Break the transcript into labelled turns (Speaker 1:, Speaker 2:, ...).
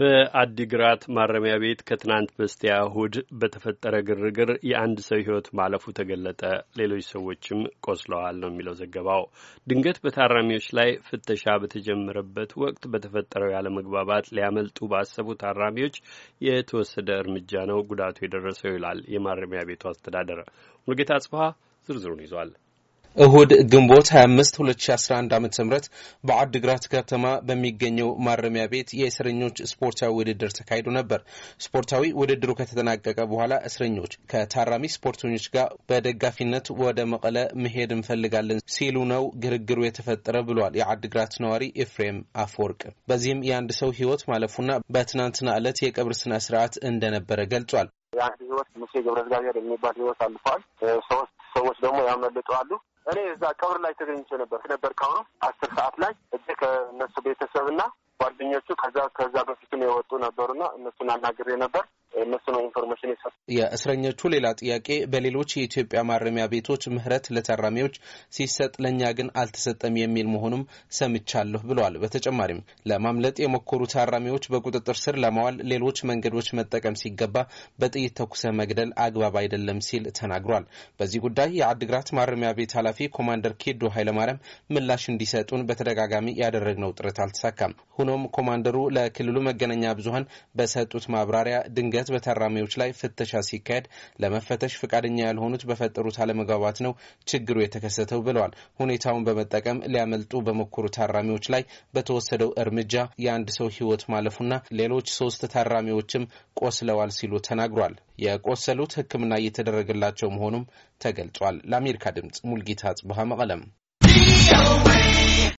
Speaker 1: በአዲግራት ማረሚያ ቤት ከትናንት በስቲያ እሁድ በተፈጠረ ግርግር የአንድ ሰው ሕይወት ማለፉ ተገለጠ። ሌሎች ሰዎችም ቆስለዋል ነው የሚለው ዘገባው። ድንገት በታራሚዎች ላይ ፍተሻ በተጀመረበት ወቅት በተፈጠረው ያለመግባባት ሊያመልጡ ባሰቡ ታራሚዎች የተወሰደ እርምጃ ነው ጉዳቱ የደረሰው ይላል የማረሚያ ቤቱ አስተዳደር። ሙልጌታ አጽብሃ ዝርዝሩን ይዟል።
Speaker 2: እሁድ ግንቦት 25 2011 ዓ ም በአድግራት ከተማ በሚገኘው ማረሚያ ቤት የእስረኞች ስፖርታዊ ውድድር ተካሂዶ ነበር። ስፖርታዊ ውድድሩ ከተጠናቀቀ በኋላ እስረኞች ከታራሚ ስፖርተኞች ጋር በደጋፊነት ወደ መቀለ መሄድ እንፈልጋለን ሲሉ ነው ግርግሩ የተፈጠረ ብሏል የአድግራት ነዋሪ ኤፍሬም አፈወርቅ። በዚህም የአንድ ሰው ህይወት ማለፉና በትናንትና ዕለት የቀብር ስነ ስርዓት እንደነበረ ገልጿል።
Speaker 3: የአንድ ህይወት ሙሴ ገብረ እግዚአብሔር የሚባል ህይወት አልፏል። ሶስት ሰዎች ደግሞ ያመልጠዋሉ እኔ እዛ ቀብር ላይ ተገኝቼ ነበር ነበር ከአሁኑ አስር ሰዓት ላይ እጅ ከእነሱ ቤተሰብና ጓደኞቹ ከዛ ከዛ በፊትም የወጡ ነበሩና እነሱን አናግሬ ነበር። እነሱ ነው ኢንፎርሜሽን የሰጡ።
Speaker 2: የእስረኞቹ ሌላ ጥያቄ በሌሎች የኢትዮጵያ ማረሚያ ቤቶች ምህረት ለታራሚዎች ሲሰጥ ለእኛ ግን አልተሰጠም የሚል መሆኑም ሰምቻለሁ ብለዋል። በተጨማሪም ለማምለጥ የሞከሩ ታራሚዎች በቁጥጥር ስር ለማዋል ሌሎች መንገዶች መጠቀም ሲገባ በጥይት ተኩሰ መግደል አግባብ አይደለም ሲል ተናግሯል። በዚህ ጉዳይ የአድግራት ማረሚያ ቤት ኃላፊ ኮማንደር ኬዶ ኃይለማርያም ምላሽ እንዲሰጡን በተደጋጋሚ ያደረግነው ጥረት አልተሳካም። ሆኖም ኮማንደሩ ለክልሉ መገናኛ ብዙሀን በሰጡት ማብራሪያ ድንገት ሂደት በታራሚዎች ላይ ፍተሻ ሲካሄድ ለመፈተሽ ፈቃደኛ ያልሆኑት በፈጠሩት አለመግባባት ነው ችግሩ የተከሰተው ብለዋል። ሁኔታውን በመጠቀም ሊያመልጡ በሞከሩ ታራሚዎች ላይ በተወሰደው እርምጃ የአንድ ሰው ሕይወት ማለፉና ሌሎች ሶስት ታራሚዎችም ቆስለዋል ሲሉ ተናግሯል። የቆሰሉት ሕክምና እየተደረገላቸው መሆኑም ተገልጿል። ለአሜሪካ ድምጽ ሙልጌታ ጽቡሃ መቀለም